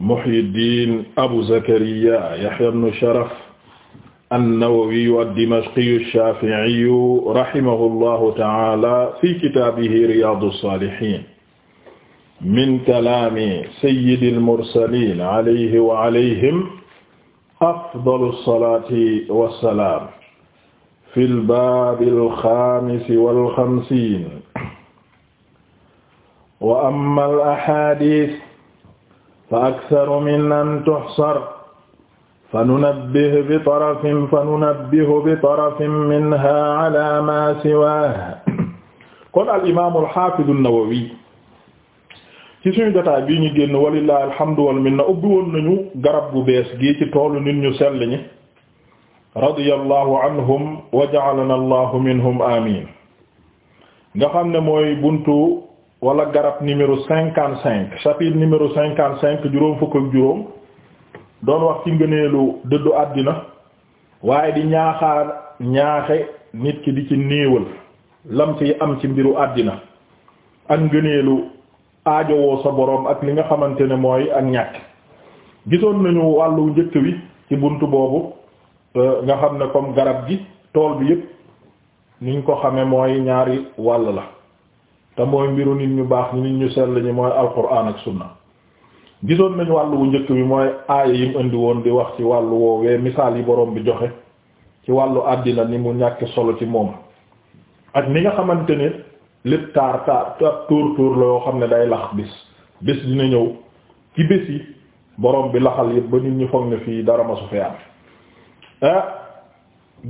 Muhyiddin Abu Zakariya Yahya ibn Sharaf an-Nawawiyu ad-Dimashqiyu ash-Shafi'iyu rahimahullahu ta'ala fi kitaabihi Riyaadu s-Saalihiin min kalaami sayyidil mursaliin alayhi wa alayhim afdalu s-salaati wa s-salaam fil baabil xaamisi wal xamsiin wa ammal ahaadiis fa aktaru min an tuxsar fa nunabbihu bi tarafin fa nunabbihu bi tarafin minha ala ma siwaaha kon al imaamu alxaafidu an-Nawawi ci suñu jotaay bii ñu génn walillahi alhamdu wal minna ubbi woon nañu garab gu bees gii ci toolu nit ñu sell ñi radiyallahu anhum wa ja'alana allahu minhum amin nga xam ne mooy buntu wala garab numéro cinquante cinq chapitre numéro cinquante cinq juróom fukk ak juróom doon wax ci ngëneelu dëddu àddina waaye di ñaaxaar ñaaxe nit ki di ci néewal lam ci am ci mbiru àddina ak ngëneelu aajowoo sa boroom ak li nga xamante ne mooy ak ñàkk gisoon nañu wàllu njëkk wi ci bunt boobu euh, nga xam ne comme garab gi tool bi yëpp niñ ko xame mooy ñaari wàll la te mooy mbiru nit ñu baax ni nit ñu sell ñi mooy alquran ak sunna gisoon nañu wàllu wu njëkk bi mooy aaya yi indi woon di wax ci wàllu woowee misaal yi boroom bi joxe ci wàllu àddina ni mu ñàkk solo ci moom ak ni nga xamante ne lépp taar taar tuur tuur la yoo xam ne day lax bis bés dina ñëw ci bés yi borom bi laxal yëpp ba nit ñi foog ne fii dara masu su fee am ah,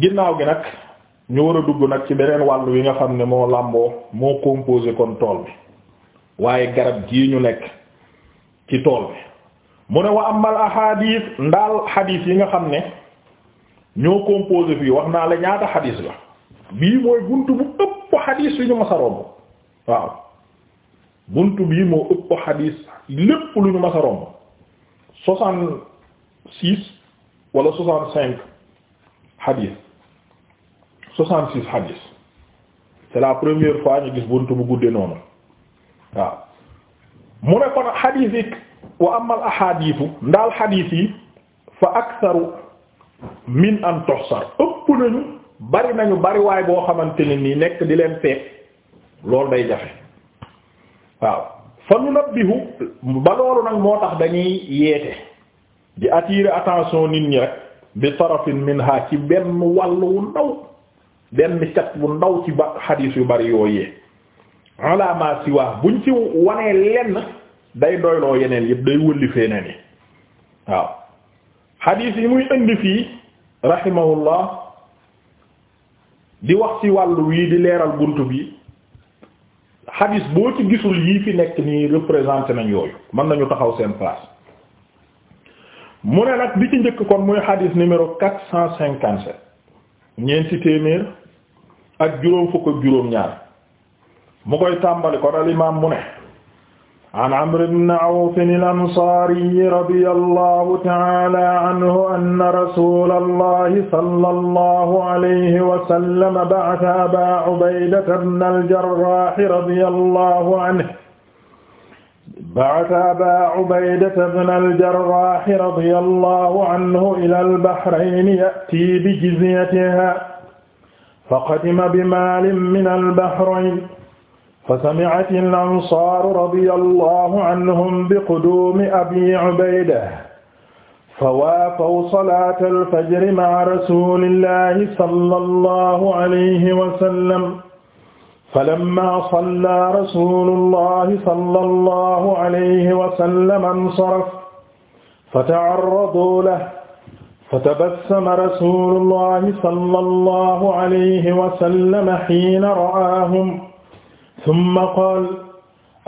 ginnaaw gi nag ñu war a dugg nag ci beneen wàll wi nga xam ne moo làmboo moo composé kon tool bi waaye garab gii ñu nekk ci tool bi mu ne wa amal ahadis ndaal xadis yi nga xam ne ñoo composé fii wax naa la ñaata xadis la bii mooy buntu bu ëpp xadis yu ñu masa romb waaw buntu bii moo ëpp xadis lépp lu ñu masa romb soixante six wala soixante cinq xadis soixante-six hadis c'est la première fois ñu gis buntu bu guddee noonu waaw mu ne kon hadis yi wa amal ahadiitu ndaal hadis yi fa aktharu min an tuhsar ëpp nañu bari nañu bari boo xamante ne nii nekk di leen peeg loolu day jafe waaw fa nunabbihu ba loolu nag moo tax dañuy yeete di attirer attention nit ñi rek bi tarafin minha ci benn wàll wu ndaw benn cat bu ndaw ci ba xadiis yu bari yooyee ala ma siwa buñ ci wanee lenn day doyloo yeneen yëpp day wëllifee neen ni waaw xadiis yi muy indi fii rahimahullah di wax ci wàll wii di leeral bunt bi xadiis boo ci gisul yii fi nekk nii représenté nañ yooyu mën nañu taxaw seen place mu ne nag bi ci njëkk kon muy xadiis numéro quatre cent cinquante-sept ñeenti téeméer ak juróom fukk ak juróom ñaar mu koy tàmbali kon al imaam mu ne an amr ibn awf al ansaari radiyallahu ta'ala anhu anna rasulallahi sallallahu alayhi wa sallam ba'atha aba ubayda ibn al jarrah radiyallahu anhu بعث أبا عبيدة بن الجراح رضي الله عنه إلى البحرين يأتي بجزيتها فقدم بمال من البحرين فسمعت الأنصار رضي الله عنهم بقدوم أبي عبيدة فوافوا صلاة الفجر مع رسول الله صلى الله عليه وسلم فلما صلى رسول الله صلى الله عليه وسلم انصرف فتعرضوا له fatabassama rasuulullahi sallallahu alayhi wa sallam hiina ra'aahum summa qaala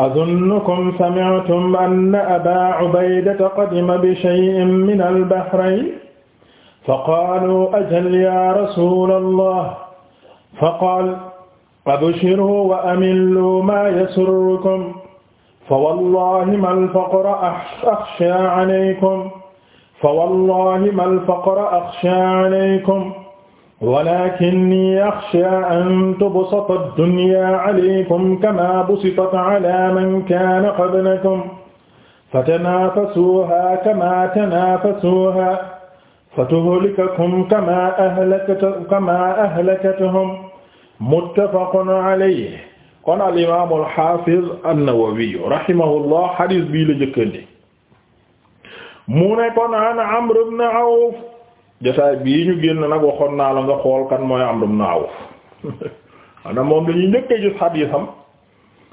azunnukum sami'tum anna abaa ubaydata qadima bishay'in mina al-bahrayn faqaaluu ajal yaa rasuulallah faqaala abshiruu wa amiluu maa yasurrukum fawallaahi mal faqru axshaa alaykum fa wallahi mal faqra axsha alaykum walakinni axsha an tubsata ad-dunya alaykum kama busitat ala man kana qablakum fatanafasuha kama tanafasuha fatuhlikakum kama ahlakta kama ahlakthum muttafaqun alayhi kon al-imam al-hafiz an-Nawawi rahimahullah hadis bi la jëkkandi mu ne kon an Amr ibn Awf jotaay bii ñu génn nag waxoon naa la nga xool kan mooy Amr ibn Awf ana moom la ñuy njëkkee xadiisam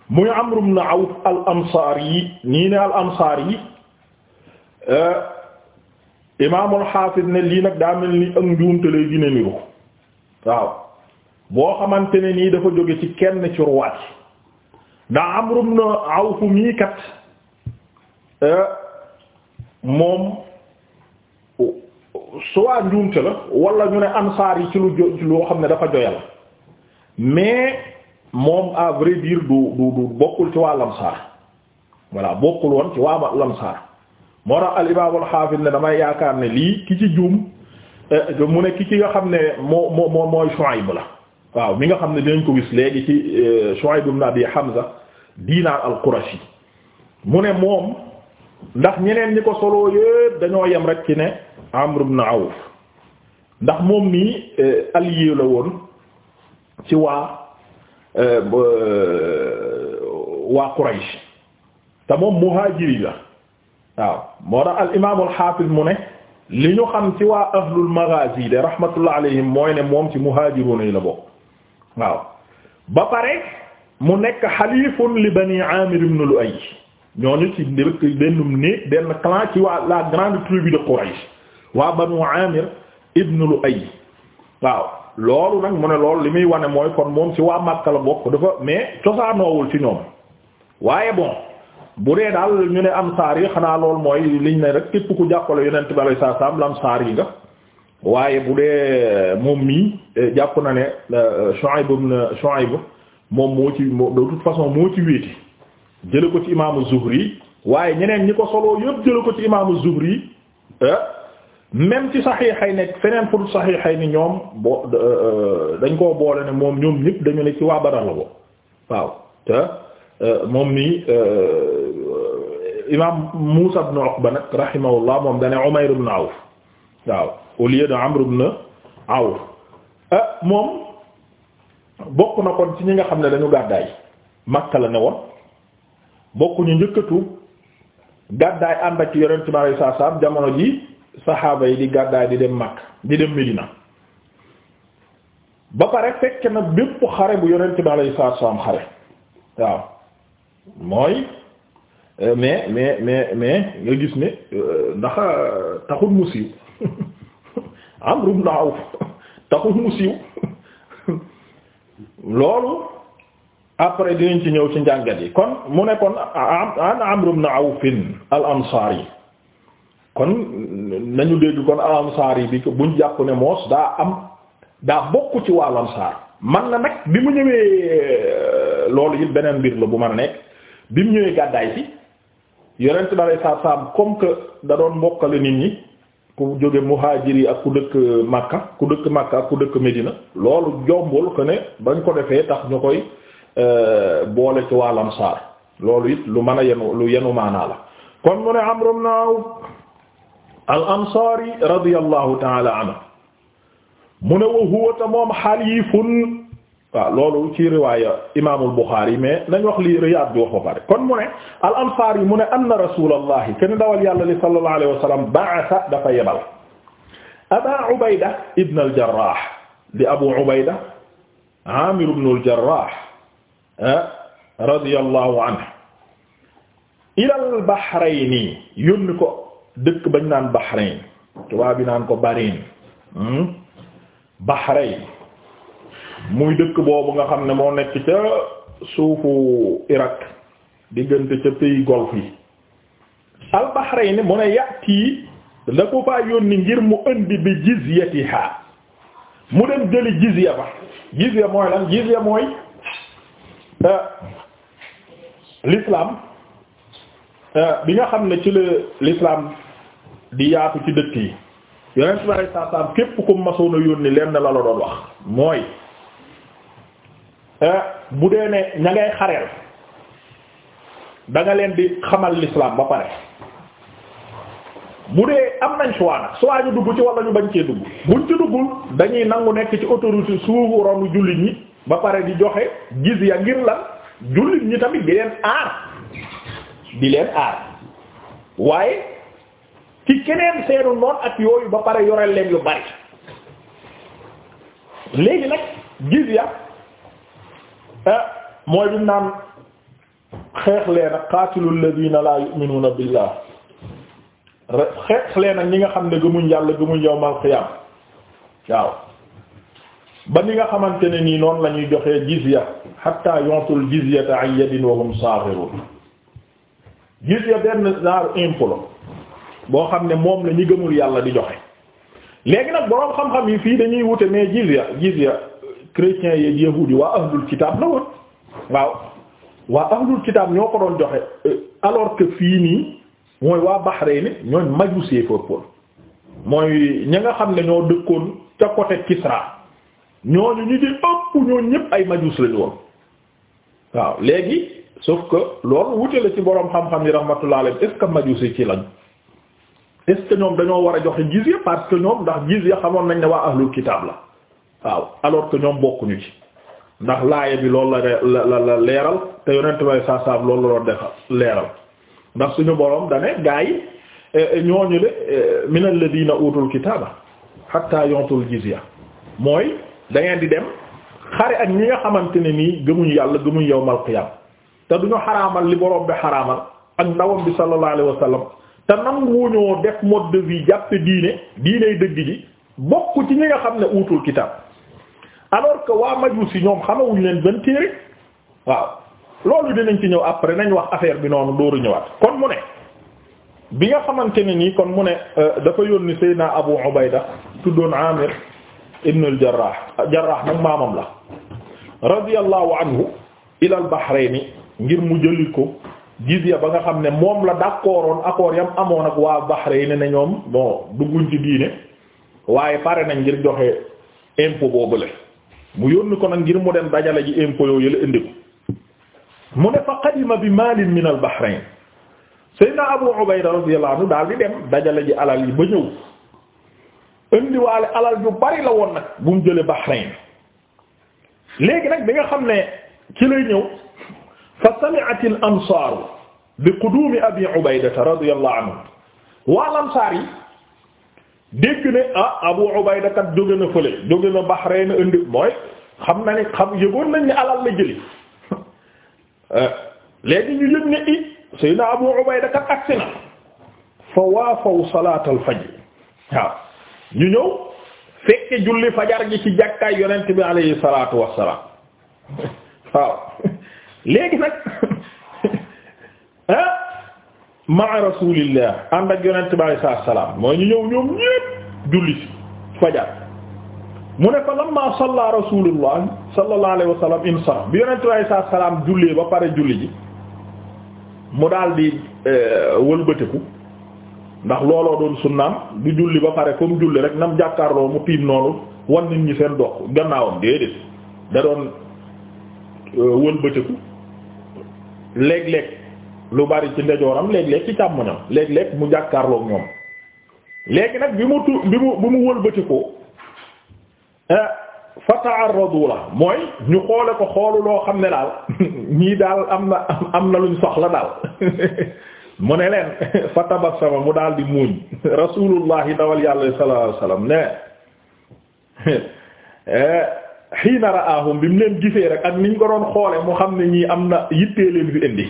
muy Amr ibn Awf al ansaar yi nii ne al ansaar yi eh, imaamul xaafis ne lii nag daa mel ni ak njuumte lay gën a niru waaw boo xamante ni nii dafa jóge ci kenn ci ruwaat yi ndax Amr ibn Awf mii kat eh, moom soit njuumte la wala ñu ne ansaar yi ci lu jo loo xam ne dafa joyal mais moom à vrai dire du du du bokkul ci waa lamsaar voilà bokkul woon ci waa lamsaar moo tax al imaam xaafis ne damay yaakaar ne lii ki ci juum eh, mu ne ki ci nga xam ne moo moo moo mooy Shuayb la waaw mi nga xam ne dinañ ko gis léegi ci eh, Shuayb ibn Abi Hamza Dinar al-Qurashi mu ne moom. ndax ñeneen ñi ko soloo yépp dañoo yem rek ci ne Amr ibn Awf ndax moom nii euh, allié la woon ci waa euh, euh, waa Quraysh te moom muhaajiri la waaw moo tax al imaam al mu ne li ñu xam ci waa ahlul maghazi de rahmatullah alayhim mooy ne moom ci muhaajiruna yi la bokk waaw ba pare mu nekk xalifun li bani Amir ibn Lu'ay ñooñu ci dëkk benn néeg benn clan ci waa la grande tribu de Quraysh waa Banu Amir ibn Lu'ay waaw loolu nag mu ne lool li muy wane mooy kon moom ci waa Makka la bokk dafa mais cosaanoowul ci ñoom waaye bon bu dee daal ñu ne ansaar yi xanaa loolu mooy liñ ne rek képp ku jàppale yonent bi sallallahu alayhi wasallam ansaar yi nga waaye bu dee moom mii eh, jàpp na ne eh, a ibn ba moom moo ci de toute façon moo ci wéete jële ko ci imaamu Zuhri waaye ñeneen ñi ko soloo yëpp jële ko ci imaamu Zuhri eh, même ci saxiixay nekk feneen fu dul yi ni ñoom boo eh, eh, dañ koo boole ne moom ñoom ñëpp dañu ne ci waa Badar la boo waaw te moom nii imaam musa ibn Uqba nag rahimahullah moom dane Umayr ibn Awf waaw au lieu de Amr ibn Awf moom bokk na kon ci ñi nga xam ne dañu gàddaay Makka la ne woon bokkuñu njëkkatu gàddaay ànd ak yonent bi alayhi salaam jamono ji saxaaba yi di gàddaay di dem Makka di dem Medina ba pare fekk na bépp xare bu yonent bi alayhi salaam xare waaw mooy euh, mais mais mais mais nga gis ne euh, ndax euh, taxul mu siiw Amru ibn Awf taxul mu siiw loolu après ñu ci ñëw ci njàngat yi kon mu ne kon an Amr ibn Awf al yi kon nañu dégg kon al yi bi ñu jàpp ne moos daa am daa bokk ci waa al Ansar man na nag bi mu ñëwee euh, loolu it beneen mbir la bu man nekk bi mu ñëwee gàddaay ci yonent bi alay saat comme que da doon mbokkale nit ñi ku jóge muhaajir yi ak ku dëkk Makka ku dëkk Makka ak ku dëkk Medina loolu jombul que ne bañ ko defee tax ñu koy Euh, boole ci waa lamsaar loolu it lu mën a yenu lu yenu la kon mu ne Amr ibn Awf al ansaari radiyallahu taala anhu mu ne wa huwa ta loolu ci riwaaya imaamul Buxaari mais nañ wax li Riyaad bi wax ba pare kon mu ne al ansaar yi mu ne anna rasuulallahi kenn dawal yàlla li sallallahu alayhi wa sallam ba'atha dafa yebal Aba ibn al Jarrah Abu Ubayda Aamir ibn Ah, radiyallahu anhu ilal bahrayni yónni ko dëkk bañ naan bahrayn tubaab bi naan ko bahrain hmm? bahrain muy dëkk boobu nga xam ne moo nekk ca suufu Irak diggante ca pays golfe yi al bahrain mu ne yàtti da ko faa yónni ngir mu indi bi jizyatiha mu dem jëli jizya ba jizya mooy lan jizya mooy Euh, l'islam euh, bi nga xam ne ci la l'islam di yaatu ci dëkk yi yonent bi alayhi salaatu salaam képp ku masoon yónni lenn la la doon wax mooy euh, bu dee ne ña ngay xareel da leen di xamal l'islam ba pare bu dee am nañ choix nag ñu dugg ci wala ñu bañ cee dugg buñ ci duggul dañuy nangu nekk ci autorité suufu ronu jullit ñi ba pare di joxe gis ya ngir lan jullit ñi tamit di leen aar di leen aar waaye ci keneen seenu noon ak yooyu ba pare yore leen yu bari léegi nag gis ya eh, mooy bi naan xeex leen ak qaatilul ladina la yu'minuna billah xeex leen ak ñi nga xam ne gëmuñ yàlla gëmuñ yawmal qiyaam waaw ba ni nga xamante ne nii noonu lañuy ñuy joxee jizya hatta yontul jizyata an yadin wa hum saghirun jizya benn genre impôt boo xam ne moom la ñi gëmul yàlla di joxe léegi nag boroom xam-xam yi fii dañuy wute mais jizya jizya chrétiens yeeg yahuudi waa ahlul kitaab la woon waaw waa ahlul kitaab ñoo ko doon joxe alors que fii nii mooy waa Bahreïn ñooy majusee foofu mooy ña nga xam ne ñoo dëkkoon ca côté Kisra. ñooñu ñu di ëpp ñooñu ñëpp ay majus lañu woon waaw léegi sauf ko loolu wutee la ci boroom xam-xam yi rahmatullah alayhi est-ce que majus yi ci lañ est ñoom dañoo war a joxe jizya parce que ñoom ndax jizya xamoon nañ ne waa ahlul kitaab la waaw alors que ñoom bokkuñu ci ndax laaya bi loolu la la la leeral te yonent way saa saab loolu la doon defal leeral ndax suñu boroom dane gaa yi eh, eh, ñooñu le eh, min alladina utul kitaaba hatta yontul jizya mooy da ngeen di dem xare ak ñi nga xamante ne nii gëmuñu yàlla gëmuñu yawmal qiyam te duñu xaraamal li borom bi xaraamal ak ndawam bi sallallahu alayhi wa sallam te nanguwuñoo def mode de vie jàppe diine diiney dëgg ji bokk ci ñi nga xam ne uutul kitab alors que waa majusi ñoom xamawuñu leen benn téere waaw loolu dinañ ci ñëw après nañ wax affaire bi noonu dooru ñëwaat kon mu ne bi nga xamante ne nii kon mu ne euh, dafa yónni Seydina Abu Ubayda tuddoon Amir ibn al Jarrah Jarrah nag maamam la radiyallahu anhu ila ngir mu jëli ko jizya ba nga xam ne moom la d'accordoon accord yam amoon ak waa Bahrayn ne ñoom bon dugguñ ci diine waaye pare nañ ngir joxe impôt boobule mu yónni ko nag ngir mu dem dajale ji impôt yoo yële indi ko mu ne fa qadima bi maalin min al Bahrayn Seydina Abu Ubayda radiyallahu daal di dem dajale ji alal yi ba ñëw indiwaale alal ju bari la woon nag bu mu jëlee Bahrain léegi nag bi nga xam ne ci lay ñëw fa sami'at al ansaaru bi quduumi abi ubaydata radiyallahu anhu waa lansaar yi dégg ne ah, abu ubayda kat jóge na fële jóge na Bahrain indi mooy xam na xam yëgoon nañ ne alal la jëli léegi ñu yëg ne i sayyidina abu ubayda kat agsi na fa waafaw salaatal fajr waaw ñu ñëw fekke julli fajar gi ci jàkkaay yonent bi alayhi salaatu wassalaam waaw léegi nag ah ma'a rasulillah ànd ak yonent bi alayhi salaatu mooy ñu ñëw ñoom ñépp julli ci fajar mu ne fa lamma salla rasulullah sallallahu alayhi wa bi yonent bi alayhi salaatu jullee ba pare julli ji mu daldi di eh, wëlbatiku ndax looloo doon sunnaam du julli ba pare mu julli rek nam jàkkaarloo mu tiim noonu wan nit ñi seen dox gannaawam déedéet da doon euh, wëlbatiku léeg-léeg lu bari ci ndejooram léeg-léeg ci càmmoñam léeg-léeg mu jàkkaarloo moom léegi nag bi mu tu bi mu bi mu wëlbatikoo euh, fa ta'arradu la mooy ñu xoole ko xoolu loo xam ne daal ñii daal am na am na luñ soxla daal mu ne leen fa tabassama mu daal di muuñ rasulullahi dawal yàlla sallallahu alayhi wasallam ne xiina raahum bi mu leen gisee rek ak niñ ko doon xoole mu xam ne ñii am na yittee leen fi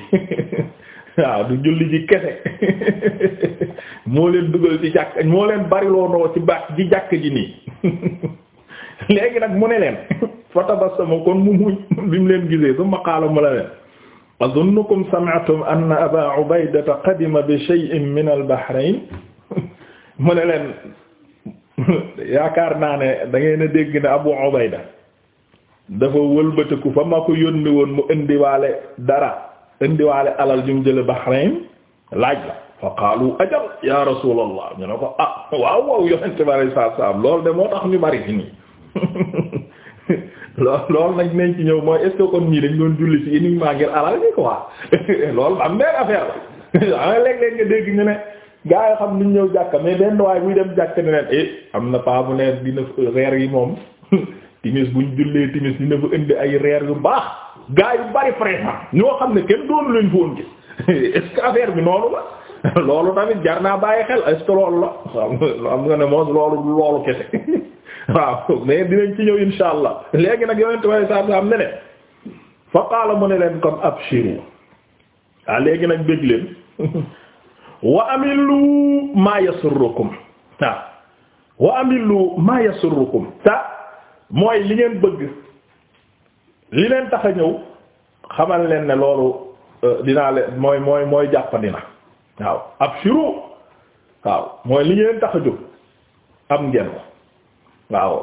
waaw du julli ji kese moo leen dugal ci jàkk moo leen bariloo bariloonoo ci baax ci jàkk ji nii léegi nag mu ne leen fa tabassama kon mu muuñ bi mu leen gisee su ma qaala mu la leen azunnukum sami'tum anna aba ubaydata qadima bi shay'in min al-bahrayn mu ne leen yaakaar naa ne da ngeen a dégg ne abu ubayda dafa wëlbatiku fa ma ko yónni woon mu indiwaale dara indiwaale alal jum jële laaj la fa qaalu ajal ya rasulallah ñu ne ko ah waaw waaw yonente bi alei saatu salaam loolu de moo tax ñu bari fi loolu nag nañ ci ñëw mooy est-ce que dañ doon julli ci uniquement ngir alal bi quoi loolu am benn affaire la ah, léeg-léeg nga dégg ñu ne ñëw jàkka mais benn waay dem jàkka ne eh, am na paa bu ne dina reer yi moom timis buñ jullee timis dina fa indi ay reer yu baax gaa yu bari présent ñoo xam ne kenn doonu leen foon gis est-ce bi noonu la. loolu tamit jar naa bàyyi xel est-ce que loolu la xam nga ne moom loolu loolu kese waaw mais dinañ ci ñëw insha allah léegi nag yonent waaye saa saa am ne ne fa qaala mu ne leen kon abshiru waaw léegi nag bëgg leen wa amilu ma yasurrukum waaw wa amilu ma yasurrukum ta mooy li ngeen bëgg li leen tax a ñëw xamal leen ne loolu euh, dinaa leen mooy mooy mooy jàppandi na waaw abshiru waaw mooy li ngeen tax a jóg am ngeen ko waaw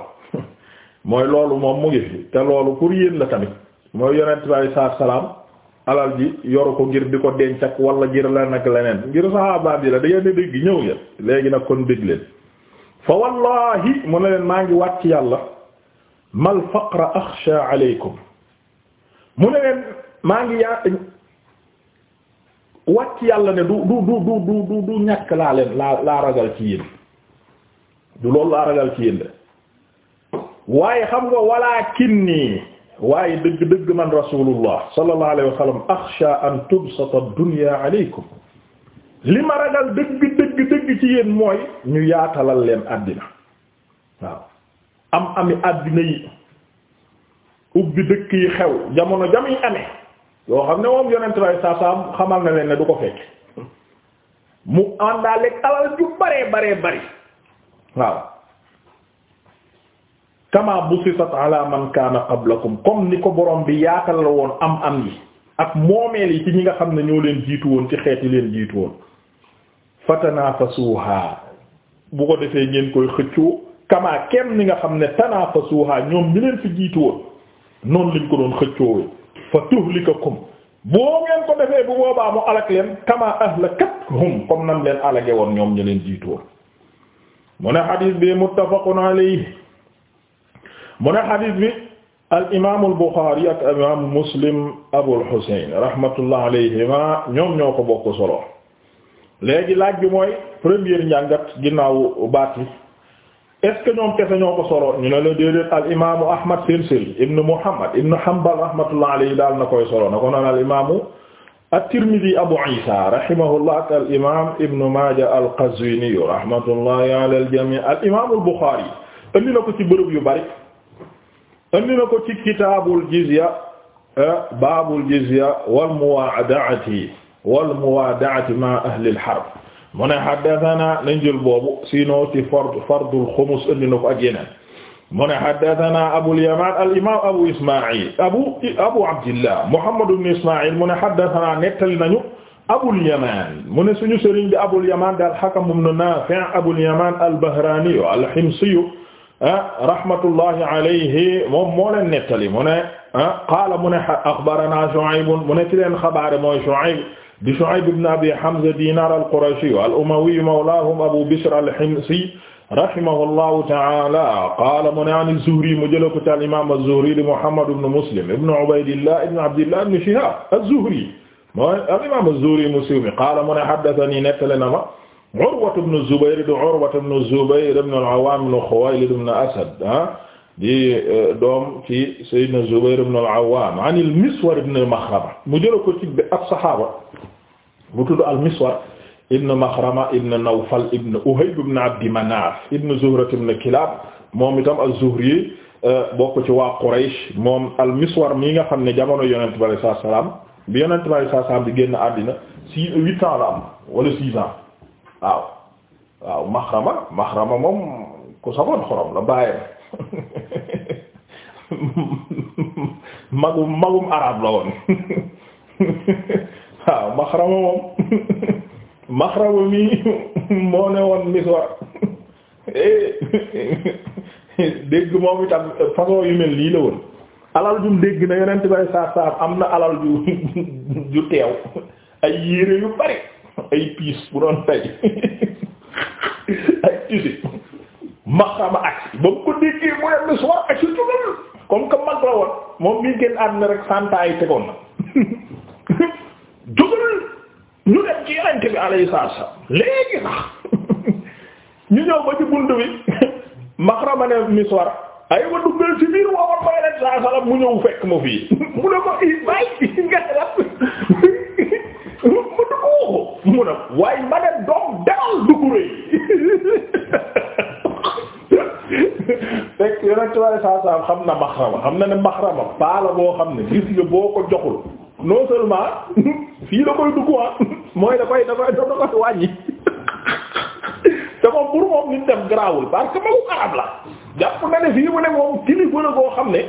mooy loolu moom mu ngi fi te loolu pour yéen la tamit mooy yonent bi alei salaatu salaam alal ji yoru ko ngir di ko denc ak wala ngir la nag leneen ngir saxaabaam ji la da ngeen dégg ngeen léegi nag kon dégg leen fa wallahi mu maa ngi wàcc yàlla mal mu ne leen maa yàlla ne du du du du du laa leen laa laa ragal ci yéen du loolu laa ragal ci yéen waaye xam nga walaakinni waaye dëgg dëgg man rasulullah sallallahu alayhi wa sallam axsha an tubsata ad-dunya alaykum li ma ragal dëgg dëgg dëgg ci yéen mooy ñu yaatalal leen àddina waaw am ami àddina yi ubbi dëkk yi xew jamono jam yi yoo xam ne moom yonent bay saa saa xamal na leen ne du ko fekk mu àndaaleeg alal ju bare bare bari waaw kama busitat ala man kaana qablakum comme ni ko boroom bi yaatal la woon am am yi ak moomeel yi ci ñi nga xam ne ñoo leen jiitu woon ci xeet yi leen jiitu woon fatanafasuha bu ko defee ngeen koy xëccoo kama kenn ni nga xam ne tanafasuha ñoom ñi leen fi jiitu woon noonu lañ ko doon xëccoowe fa tuhlikakum boo ngeen ko defee bu boobaa mu alak leen kama ahlakathum comme nam leen alage woon ñoom ñi leen jiitu woon mu ne xadiis bi muttafaqun mu ne xadis bi al imaamul Buxaari ak imaamu Muslim Abul Husayn rahmatullah alayhima ñoom ñoo ko bokk solo léegi laaj bi mooy première njàngat ginnaaw baat yi est-ce que ñoom kese ñoo ko solo ñu ne la déedéet al imaamu Ahmad seen sëriñ ibnu Muhammad ibnu Hanbal rahmatullah alayhi daal na koy solo na ko noonu al imaamu at-Tirmidhi Abu Isa rahimahullah ak al imaam ibnu Maaja al-Qazwini rahmatullahi ala al jamii al imaamul Buxaari indi na ko ci bërëb yu bari. andi na ko ci kitaabul jizya eh, baabul jizya wal muwaada'ati wal muwaada'ati ma ahlil harb mu ne haddathana lañ jël boobu sinon ci fard fardul xumus andi na ko ak yeneen mu ne haddathana abul yamaan al imaam abu isma'il abu abu abdillah muhammad ibn isma'il mu ne haddathana nettali nañu abul yamaan mu ne suñu sëriñ bi abul yamaan daal hakam ibn naafi' abul yamaan al bahraani al himsi Ah, rahmatullahi alayhi moom moo leen nettali mu ne ah, qaala mu ne axbarana Shuayb mu ne ci leen xabaare mooy Shuayb di Shuayb ibn Abi Hamza Dinar al-Qurashi al-Umawi mawlahum Abu Bishr al-Himsi rahimahullahu ta'ala qaala mu ne an az-Zuhri mu jëla ko ci al-imam az-Zuhri di Muhammad ibn Muslim ibn Ubaydillah ibn Abdillah ibn Shihab az-Zuhri mooy al-imam az-Zuhri mu qaala mu ne haddathani nettali na ma Urwatu ibn Zubayr di Urwatu ibn Zubayr ibn al-Awwam ibn Khuwaylid ibn Asad ah di eh, doom ci Sayyidina Zubayr ibn al-Awwam an al-Miswar ibn Makhrama mu jëla ko ci ab saxaaba bu tudd al-Miswar ibn Makhrama ibn Nawfal ibn Uhayb ibn Abd Manaf ibn Zuhra ibn Kilab moom itam az-Zuhri eh, bokk ci waa Quraysh moom al-Miswar mi nga xam ne jamono Yonent bi sallallahu alayhi wasallam bi Yonent bi sallallahu alayhi wasallam di génn àddina six huit ans la am wala six ans waaw waaw maxrama maxrama moom ku saboon xorom la bàyyam magum magum arab la woon waaw maxrama moom maxrama mi moo ne woon miswar dégg moom itam façon yu mel lii la woon alal jum dégg na yonent bay saar saar am na alal ju ju teew ay yére yu bari ay piis bu doon tay ay piis maxama aksi ba mu ko déggee mu ne mi soir aksi tugal comme que mag la woon moom mii génn àdduna rek santa yi tegoon na jógal ñu dem ci bi alayhi salaam léegi sax ñu ñëw ba ci bunt bi maxrama ne miswar ay wa duggal ci biir woowoon ba yelente saa salaam mu ñëw fekk ma fii mu ne ma i bay nga rab ko mu ne waaye ma ne doom demal dugg rëy fekk yonent bi saa saa xam na maxrama xam na ne maxrama paala boo xam ne gis nga boo ko joxul non seulement fii da koy dugg ah mooy da koy da koy da koy wàññi te moom pour moom nit def garaawul parce que magu arab la jàpp na ne fii mu ne moom kilif la koo xam ne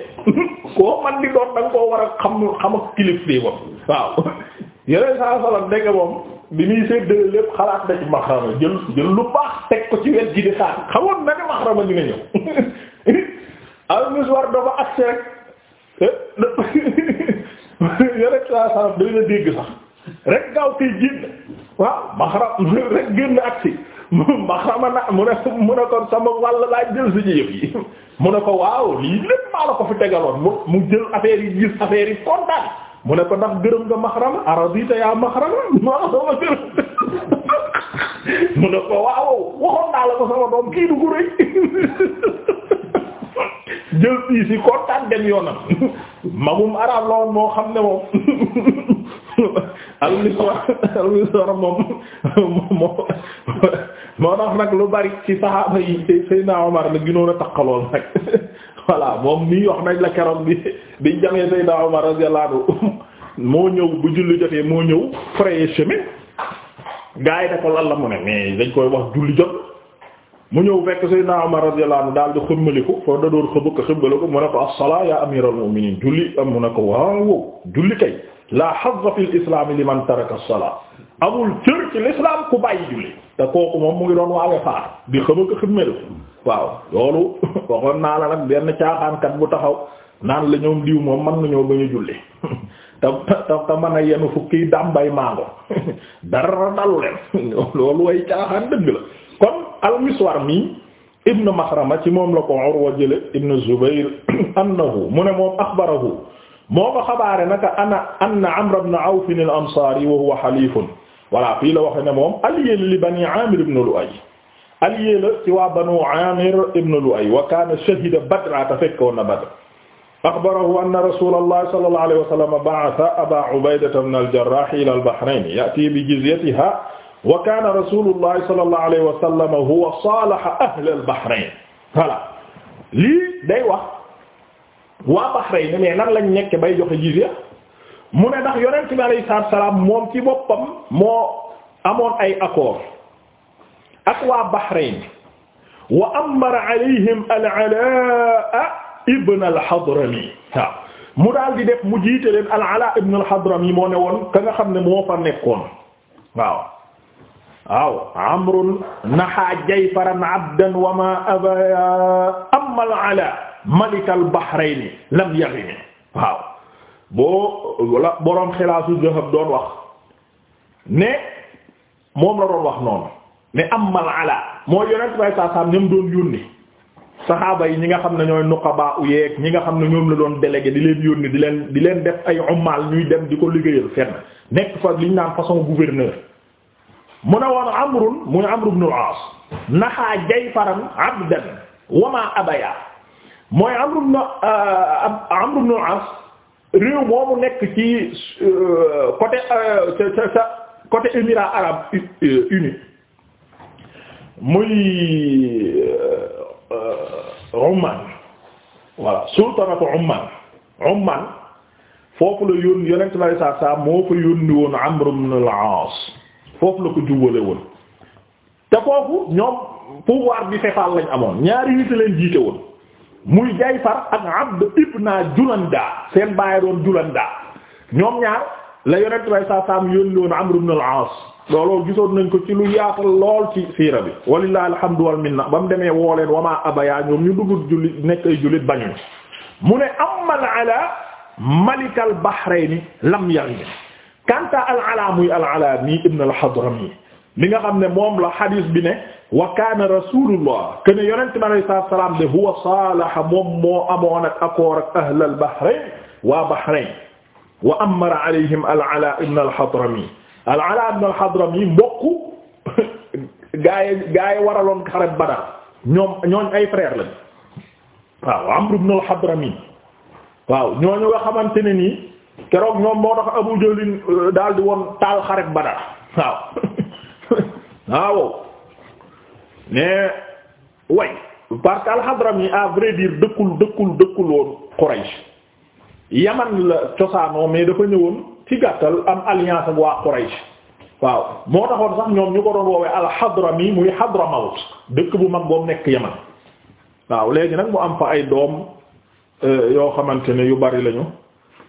koo man di doon da koo war a xam xam ak kilif lii waaw. yeneen saa salaam ndeke moom bi muy séddale lépp xalaat na ci maxarama jël jël lu baax teg ko ci wet gi di xaar xamoon na ne maxarama dina ñëw al-Miswar dafa agsi rek yeneen saa salaam dina dégg sax rek gaaw fii jiit waaw maxaram rek génn agsi maxarama na mu ne mu ne ko sama wàll laa jël si yëf yi mu ne ko waaw lii lépp maa la ko fi tegaloon mu mu jël affaire yi gis affaire yi kontaan mu ne ko ndax gërëm nga maxrama aradita yaa maxrama mu ne ko waaw waxoon naa la ko sama doom kii du ko rek jël fii si kontaan dem yoonam magum arab la moo xam ne moom almiswar almiswar moom moo moo nag lu bari ci saxaaba yi Seydina Omar la ginoon takkalool nag voilà moom mii wax nañ la keroog bi biñ jamee Seydina Omar radiyallahu anhu moo ñëw bu julli jotee moo ñëw fraye chemin gars ko lan la mu ne mais dañ koy wax julli jot mu ñëw fekk Seydina Omar radiyallahu anhu daal di xëmmaliku foofu da doon mu ne ko as-salaa ya amiral mu'minin julli am mu ne ko waaw julli kay la hazza fil islam liman taraka as-salaa amul cër ci l'islam ku bàyyi julli te kooku moom mu ngi doon waawee faat di xëbëk waaw loolu waxoon naa la nag benn caaxaankat bu taxaw naan la ñoom diw moom man nañoo bañ a julli te te te mën a yenu fukki dàmbay maango dara dalu leen loolu way caaxaan dëgg la kon almiswar mi ibnu Maxrama ci moom la ko Urwa jële ibnu Zubayr annahu mu ne moom axbarahu moo ko xabaare naka ana anna Amr ibn Awf al-Ansaari wa huwa xalifun voilà fii la waxe ne moom aliyé li Bani Aamir ibn Lu'ay allié la ci waa banu amir ibn lu'ay wa kaana shahida badra te fekkoon na badr axbarahu anna rasuulallahi sallallahu alayhi wa sallam ba'atha abaa ubaydata ibn al-jarraah ila al-bahrayn ya'tii bi jizyatihaa wa kaana rasuulullahi sallallahu alayhi wa sallam huwa saalaha ahla al-bahrayn voilà lii day wax waa bahrayn mais nan lañ nekk bay joxe jizya mu ne ndax yonent bi alayhi salaam moom ci boppam moo amoon ay accord ak waa Bahrain wa amara alayhim al-Alaa ibn al-Hadrami waaw mu daal di def mu jiite leen al-Alaa ibn al-Hadrami moo ne woon ka nga xam ne moo fa nekkoon waaw waaw amrun nahaa jayfaran abdan wa maa abaa amma al-Alaa malik al-Bahrayn lam yaghni waaw boo la boroom xilaasu zahab doon wax ne moom la doon wax noonu am amal ala moo yonent bay saa ñoom doon yónni saxaaba yi ñi nga xam ne ñooy nuqaba u yeeg ñi nga xam ne ñoom la doon délégué di leen yónni di leen di leen def ay ummal ñuy dem di ko liggéeyal fenn nekk fa ñu naan façon gouverneur mu a woon amrun muy amru ibn al-aas naxaa jayfaran abdan wama abaya mooy amru ibn euh, amru ibn al-aas réew moomu nekk ci euh, côté euh, ca ca côté émirats muy euh, euh, Umman voilà sultanatu Umman Umman foofu la yónni yonent bi sallallahu alayhi wa sallam moo fa yónni woon Amr foofu la ko jubale woon te foofu ñoom pouvoir bi fefaal lañ amoon ñaari nit leen jiite woon muy Jayfar ak Abd ibn Julanda seen bàyyi doon Julanda ñoom ñaar la yonent bi sallallahu alayhi wa woon Amr ibn looloo gisoon nañ ko ci lu yaatal lool ci siira bi alhamdu wal minna ba mu demee woo leen wamaa abaya ñoom ñu dugg julli nekk ay jullit mu ne amman ala malikal bahrayni lam yarni kanta al ala muy al ala mi ibn al hadrami li nga xam ne moom la hadith bi ne wa kana rasulullah kene yonent bi alayhi salaam de huwa salaha moom moo amoon ak accord ak ahlal bahrayn waa bahrayn wa amara alayhim al ala ibn al hadrami al Alaa ibn al Hadrami mbokk gaa yi gaa yi waraloon xareb Badar ñoom ñooñ ay frère lañ waaw Amr ibn al Hadrami waaw ñooñu nga ne nii keroog ñoom moo tax Abu Jahl daal di woon taal xareb Badar waaw waaw mais way parce que al Hadrami à vrai dire dëkkul dëkkul dëkkul woon Quraysh Yaman la cosaanoo mais dafa ñëwoon. ci gàttal am alliance ak waa Quraysh waaw moo taxoon sax ñoom ñu ko doon woowee al-Hadrami muy Hadramawt dëkk bu mag boobu nekk Yaman waaw léegi nag mu am fa ay doom euh, yoo xamante ne yu bari lañu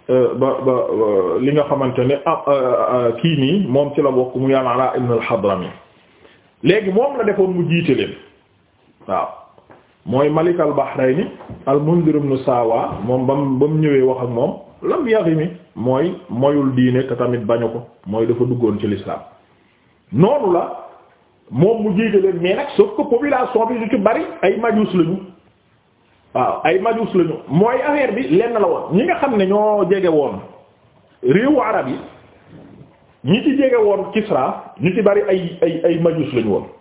euh, ba ba euh, li nga xamante ne ah, kii nii moom ci la bokk mu Yamaara ibn al-Hadrami léegi moom la defoon mu jiite leen waaw mooy Malik al-Bahrayni al-Mundhir saawa Sawa moom bam bam ñëwee wax ak moom. lam yaxi mi mooy moyul diine te tamit bañu ko mooy dafa duggoon ci l'islam noonu la moom mu jiite leen mais nag sauf que population bi du ci bari ay majus lañu waaw ay majus lañu mooy affaire bi lenn la woon ñi nga xam ne ñoo jege woon réewu arab yi ñi ci jege woon Kisra ñu ci bari ay ay ay majus lañu woon